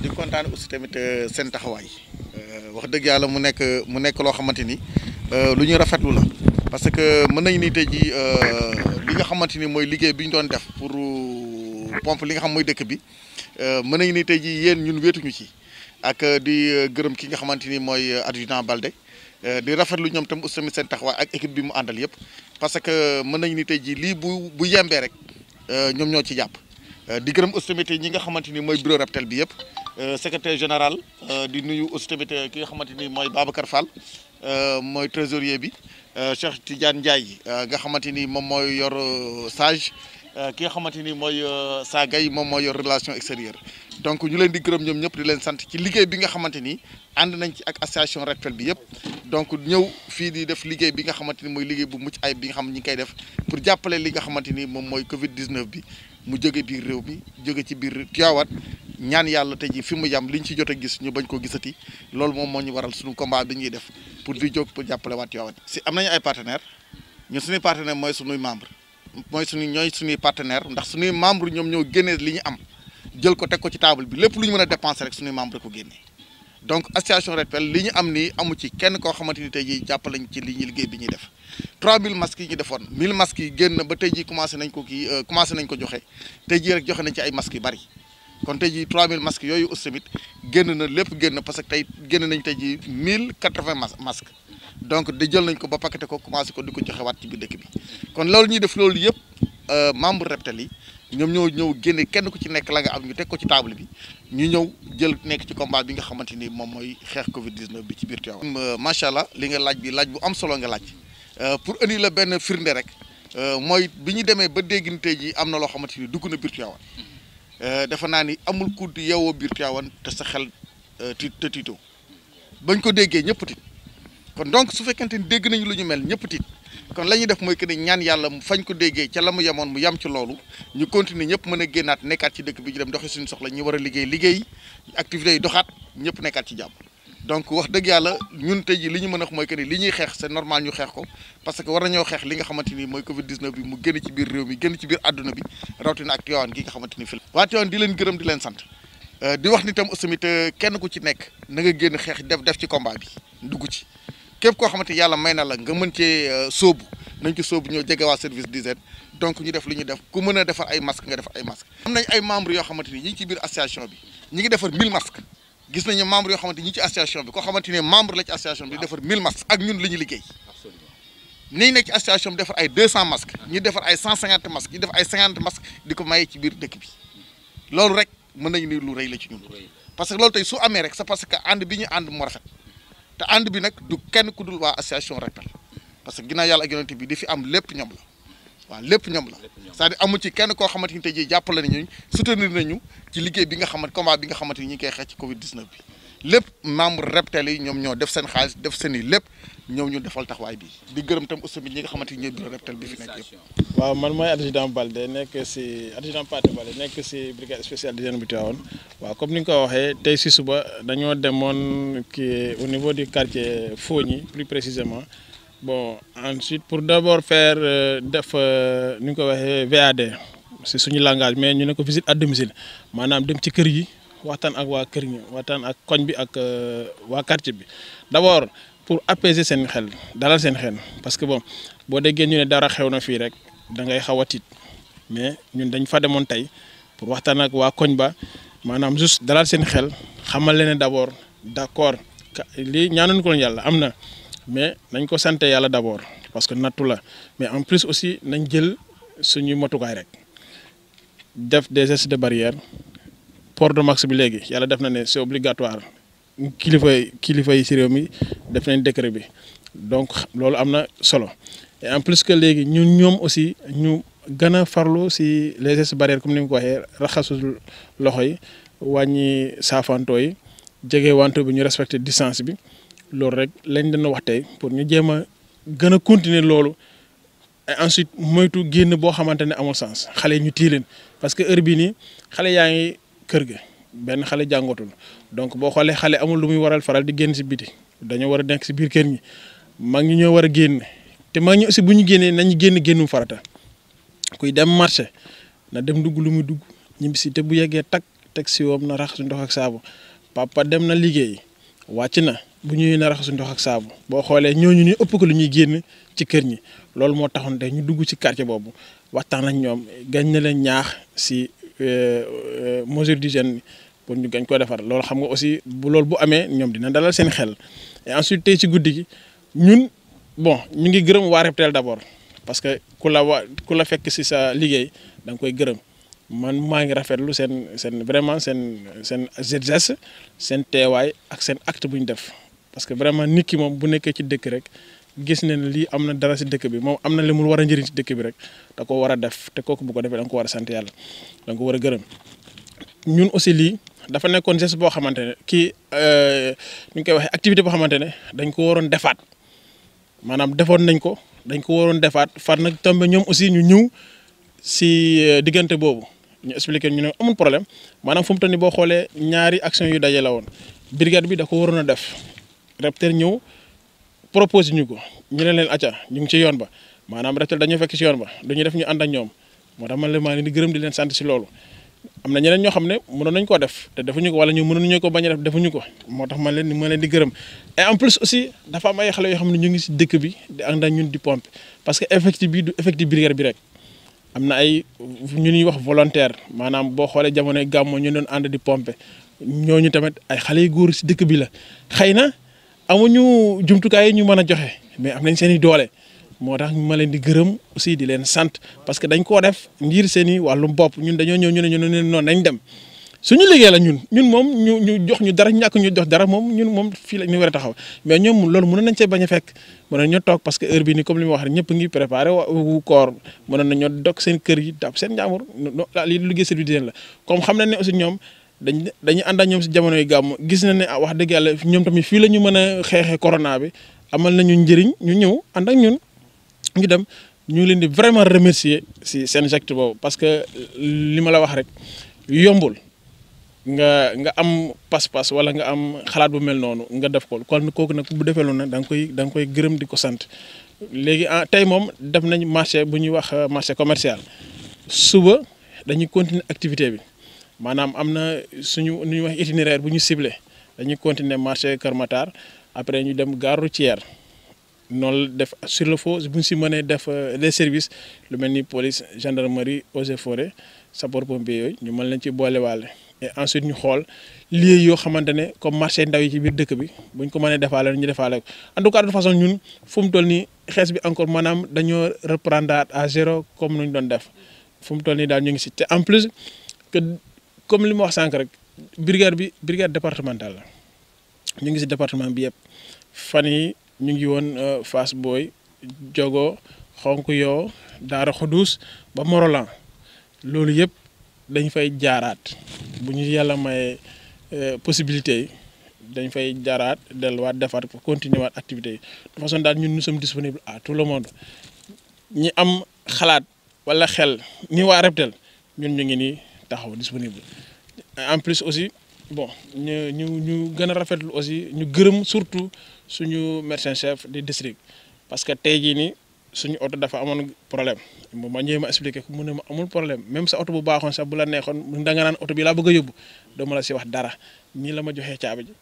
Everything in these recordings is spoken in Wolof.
di kontaan aussi tamit euh, seen taxawaay euh, wax deug yalla mu nek mu nek lo xamanteni euh luñu rafetlu la parce que mën nañu ni tey euh li nga xamanteni moy liguey biñ doon def pour euh, pompe li nga xam moy dekk bi euh ni ñun ci ak di gërem ki nga xamanteni moy adjudant Balde di rafetlu ñom tam aussi tamit sen taxaway ak équipe bi mu andal yépp parce que mën ni tey jii bu bu yembé rek ñom ñoo ci japp di gërem aussi tamit ñi nga xamanteni moy bureau Reptel bi yépp Euh, secrétaire général euh, di nuyu aussi ki nga xamanteni moy Babacar Fall euh, moy trésorier bi euh, Cheikh Tidiane Ndiaye euh, nga xamante ni moom mooy yor sage ki nga xamanteni moy Sa gay mom moy yor relation extérieure donc ñu leen di gërëm ñom ñëpp di leen sante ci liggéey bi nga xamanteni and nañ ci ak association REPTEL bi yëpp donc ñëw fi di def liggéey bi nga xamanteni moy mooy liggéey bu mucc ay bi nga xam ñi ngi koy def pour jappalé li nga xamanteni mom moy Covid 19 bi. mu jóge biir réew mi jóge ci biir Tivaouane ñaan yàlla te ji fi mu yam ñu ci jot a gis ñu bañ koo gisati loolu moom moo ñu waral suñu combat bi ñuy def pour di jóg pour jàppale waa Tivaouane si am nañu ay partenaires ñu suñuy partenaire mooy suñuy membre mooy suñu ñooy suñuy partenaire ndax suñuy membre ñoom ñoo génnee li ñu am jël ko teg ko ci table bi lépp lu ñu mën a dépenser rek suñuy membre ko génnee donc association Redpel li ñu am ni amu ci kenn ko xamanteni tay ji japp lañ ci li ñi liggéey bi ñi def 3000 masque yi ñu defoon 1000 masque yi génn ba tay ji commencé nañ ko ki euh, commencé nañ ko joxe tay ji rek joxe nañ ci ay masque bari kon tay ji 3000 masque yoyu aussi tamit génn na lepp genn parce que tay genn nañ tay ji 1080 masque donc di jël nañ ko ba paqueté ko commencé ko diko ko joxe waat ci bi dëkk bi kon lool ñi def lool yépp euh membre Reptel yi. ñoom ñoo ñëw génne kenn ku ci nekk la nga am ñu teg ko ci table bi ñu ñëw jël nekk ci combat bi nga xamante ni moom mooy xeex Covid 19 bi ci biir Tivaouane. Euh, macha allah li nga laaj bi laaj bu am solo nga laaj euh, pour indi la benn firnde rek euh, mooy bi ñu demee ba déggante ji am na loo xamante ni dugg na biir Tivaouane defe naa ni amul ku yeewoo biir Tivaouane te sa xel ti bañ ko déggee ñëpp tiit kon donc su fekkente ni dégg nañu lu ñu mel ñëpp tiit. kon ñuy def mooy que ni ñaan yàlla fañ ko déggee ca la mu yemoon mu yam ci loolu ñu continuer ñëpp mën a génnaat nekkaat ci dëkk bi ñu dem doxi suñu soxla ñu war a liggéey liggéey activités yi doxaat ñëpp nekkaat ci jàmm donc wax dëgg yàlla ñun tey ji li ñu mën a wax mooy que ni li ñuy xeex c'est normal ñu xeex ko parce que war nañoo xeex li nga xamante ni mooy Covid 19 bi mu génn ci biir réew mi génn ci biir àdduna bi rawatina ak Tivaouane gi nga xamante ni fi waa Tivaouane di leen gërëm di leen euh, di wax ni tam aussi tamit euh, kenn ku ci nekk na nga génn xeex def def ci combat bi dugg ci képp koo xamante yàlla may na la nga mën cee euh, sóobu nañ ci sóobu ñoo jege waa service d'hygiène donc ñu def li ñu def ku mën a defar ay masque nga defar ay masque am nañ ay membre yoo xamante ni ñi ngi ci biir association bi ñi ngi xamante ñi ci association bi koo xamante ne membre la ci association bi di ak ñun li liggéey niñ nekk ci association bi defar ay 200 ñu defar ay 150 def ay 50 masques di ko maye ci biir dëkk bi loolu rek mën nañu ni lu rëy la ci ñun parce que loolu tey su amee rek c'est parce que ànd bi ñu ànd moo te ànd bi nag du kenn ku dul waa association Rappel parce que ginnaaw yàlla ak yonent bi di fi am lépp ñoom la waaw lépp ñoom la c'est-à-dire ci kenn koo xamante te tey jii jàppale nañu soutenir nañu ci liggéey bi nga xamante combat bi nga xamante ni ñu ngi koy xeex ci Covid 19 bi. lépp membre Reptel yi ont ñoo def seen xaalis def seen ñu defal bi di tam Balde brigade spéciale de bu comme ni nga dit, ici nous suba au niveau du quartier Founi, plus précisément bon ensuite pour d'abord faire euh, def euh, VAD c'est suñu langage mais nous ne visite à domicile maanaam dem ci kër yi. watan ak wa kër ñi waxtaan ak koñ bi ak euh, wa quartier bi d'abord pour apaiser seen xel dalal seen xel parce que bon bo déggé ñu ne dara xew na fii rek da ngay xawatit mais ñun dañ fa démon tay pour waxtan ak wa koñ ba manam juste dalal seen xel xamal leen d'abord d'accord li ko mais nañ ko santé yalla d'abord parce que natou la mais en plus aussi nañ jël suñuy motukaay rek def des gestes de barrière port de masque bi léegi yalla def na ne c'est obligatoire kilifa kilifa yi ci réew mi def nañ décret bi donc lolu amna solo et en plus que léegi ñun ñom aussi ñu gëna farlo ci si les gestes barrières comme ni mu ko waxee raxasul loxoy wañi safanto yi jege wanto bi ñu respecté distance bi lolu rek lañ dana wax tay pour ñu jéem gëna continuer lolu et ensuite moytu génn bo xamantene amul sens xalé ñu tii parce que heure bi ni xalé yaangi kër ga benn xale jàngootul donc bo xoolee xale amul waral faral di génn si biti dañoo war a nekk si biir kër ñi mag ñi ñoo war génn te mag aussi nañu génn farata Kui dem marse. na dem dugg lu muy dugg ñibbisi te bu tak tek si woom na raxasu ndox ak sabu papa dem na liggéey wachina bunyi bu ñuy na raxasu ndox ak sabu bo xoolee ñooñu ñu ëpp ko lu ñuy génn ci kër ñi loolu mo taxoon tey ñu dugg ci quartier bobu waxtaan ak ñoom gañ na leen ñaax si Euh, euh, mesure d'hygiène pour ñu gañ ko defar loolu xam nga aussi bu loolu bu amee ñoom dina dalal seen xel et ensuite tey ci guddi gi ñun bon ñu ngi gërëm waa Reptel d'abord parce que ku la wa ku la fekk si sa liggéey danga koy gërëm man maa ngi rafetlu seen seen vraiment seen seen geste seen teewaay ak seen acte bu ñu def parce que vraiment nit ki moom bu nekkee ci dëkk rek gis ne li amna dara ci dëkk bi moom amna na li mu war a bi rek da ko war def te kooku bu ko defee da nga ko war a sant yàlla da nga ko war a gërëm ñun aussi lii dafa nekkoon geste boo xamante ne kii euh, ñu koy waxee activité boo xamante ne dañ ko waroon defaat maanaam defoon nañ ko dañ ko waroon defaat far nag tombe ñoom aussi ñu ñëw si euh, diggante boobu ñu expliqué ñu ne amul problème maanaam fu mu toll nii boo xoolee ñaari action yu daje la woon brigade bi da ko waroon a def REPTEL ñëw. Propose ñu ko ñu ne leen acca ñu ngi ci yoon ba manam rafetal dañu fekk ci yoon ba dañuy def ñu and ak ñoom mo dama le ma ni di gërëm di leen sant ci loolu amna ñeneen ñoo xamne mënon nañ ko def te defuñu ko wala ñu mënon ñu ko bañ def defuñu ko motax ma leen ni ma leen di gërëm et en plus aussi dafa am ay xalé yo xamne ñu ngi ci dëkk bi di and ak ñun di pompe parce que effect bi du effectif brigade bi rek amna ay ñu ñuy wax volontaire manam bo xolé jamono gamu ñu doon and di pompe ñoñu tamit ay xalé yu góor si dëkk bi la xeyna amuñu kay ñu mëna joxé mais am nañ seen i doole ma leen di gëreum aussi di leen sant parce que dañ ko def ngir seeni walu wàllum ñun dañu ñëw ñu ne ñu ne noonu dem suñu liggéey la ñun ñun mom ñu ñu jox ñu dara ñak ñu jox dara mom ñun mom fi la ñu wara taxaw mais ñom loolu mëna nañ ci baña fekk mëna ñu tok parce que heure bi ni comme limi wax rek ngi préparer wu koor mëna nañu dok seen kër yi dab seen njàmbur lii liggéey service d'hygiène la comme xam nañ ne aussi ñom dañ dañuy ànd ak ñoom si jamonoy gàmm gis na ne ah, wax dëgg yàlla ñoom tamit fii la ñu mën a xeexee corona bi amal nañu njëriñ ñu ñëw ànd ak ñun ñu dem ñu leen di vraiment remercier si seen geste parce que li ma la wax rek yombul nga nga am pas-pas wala nga am xalaat bu mel noonu nga def ko kon kooku nag bu defee loolu na da nga koy da koy gërëm di ko sant léegi ah tey moom def nañ marché bu ñuy wax euh, marché commercial suba dañuy continuer activité bi. manam amna suñu nu ñuy wax itinéraire bu ñu ciblé dañuy continuer marché Kër Matar après ñu dem gare routière non def sur le faux bu ci si def euh, des services lu melni police gendarmerie eaux et forêt sapeur pompier yooyu ñu mën leen ci walé et ensuite ñu xol lieu yo xamante comme marché ndaw yi ci biir dëkk bi buñ ko ko mënee defaale ñu defaale ko en tout cas de façon ñun fu mu toll nii xees bi encore manam dañoo reprendre à zéro comme nuñ ñu doon def fu mu toll nii daal ñu ngi ci te en plus que. comme li ma wax sank rek brigade bi brigade départementale la ñu ngi ci département bi fani ñu ngi won euh, Boy Jogo xonku yo dara khodous ba Morolan lolu yëpp dañ fay jaarat bu ñu may euh, possibilité dañ fay del wat defaat ko continuer wat activité de façon dal ñun nous sommes disponibles à tout le monde ñi am xalaat wala xel ni wa Reptel ñun ñu ngi ni taxaw disponible en plus aussi bon ñu ñu ñu gëna a aussi ñu gërëm surtout suñu médecin chef du district parce que tay jii nii suñu auto dafa amone problème mo ma ñëwee ma expliqué ko mu ne ma amul problème même sa auto bu baaxoon sa bu la neexoon da nga nan auto bi la bëgg yobbu do ma la ci wax dara ni la ma joxé caabi ji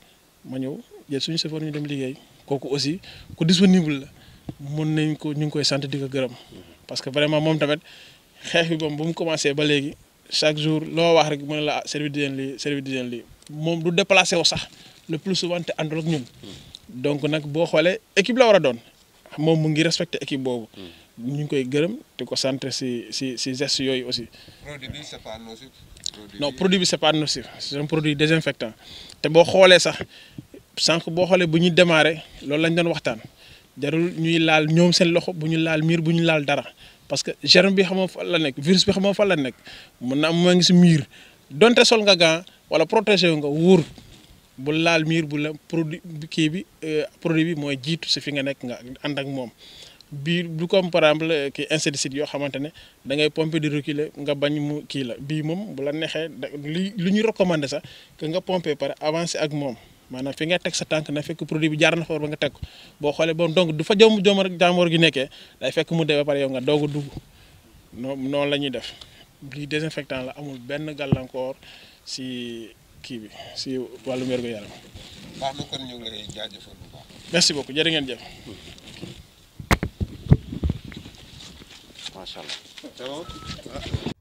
ma ñëw jël suñu chauffeur ñu dem liggéey koku aussi ku disponible mën nañ ko ñu ngi koy sante di ko gërëm parce que vraiment mom tamit xeex bi bam bu mu commencé ba légui chaque jour loo wax rek mu ne la ah, service d'hygiène lii service d'hygiène lii moom du déplacé wu sax le plus souvent te àndul ak ñun hmm. donc nag boo xoolee équipe la war a doon moom mu ngi respecté équipe boobu. Hmm. ñu ngi koy gërëm di ko centré si si si gestes yooyu aussi. produit bi c'est pas produit bi c'est pas nocif c'est un produit désinfectant te boo xoolee sax sànq boo xoolee bu ñuy démarré loolu lañ doon waxtaan jarul ñuy laal ñoom seen loxo bu ñu laal miir bu ñu laal dara. parce que germe bi xamoo fan la nekk virus bi xamoo fan la nekk mun na am ngi si miir donte sol nga gant wala protéger nga wóor bu laal miir bu la produit kii bi euh, produit bi mooy jiitu si fi nga nekk nga ànd ak moom. bii du comme par euh, kii insecticide yoo xamante ne da ngay pomper di reculer nga bañ mu kii la bii moom bu la neexee li lu ñu recommander nga pomper pare avancer ak moom. maanaam fi nga teg sa tànk na fekk produit bi jaar na fa war ba nga teg ko boo xoolee ba donc du fa jëm jëm rek jàmmoor gi nekkee day fekk mu dee ba pare yow nga doog a dugg noonu la ñuy def lii désinfectant la amul benn gàllankoor si kii bi si wàllu wérgu yaram. baax na kon ñu ngi lay merci beaucoup jërë ngeen jëf.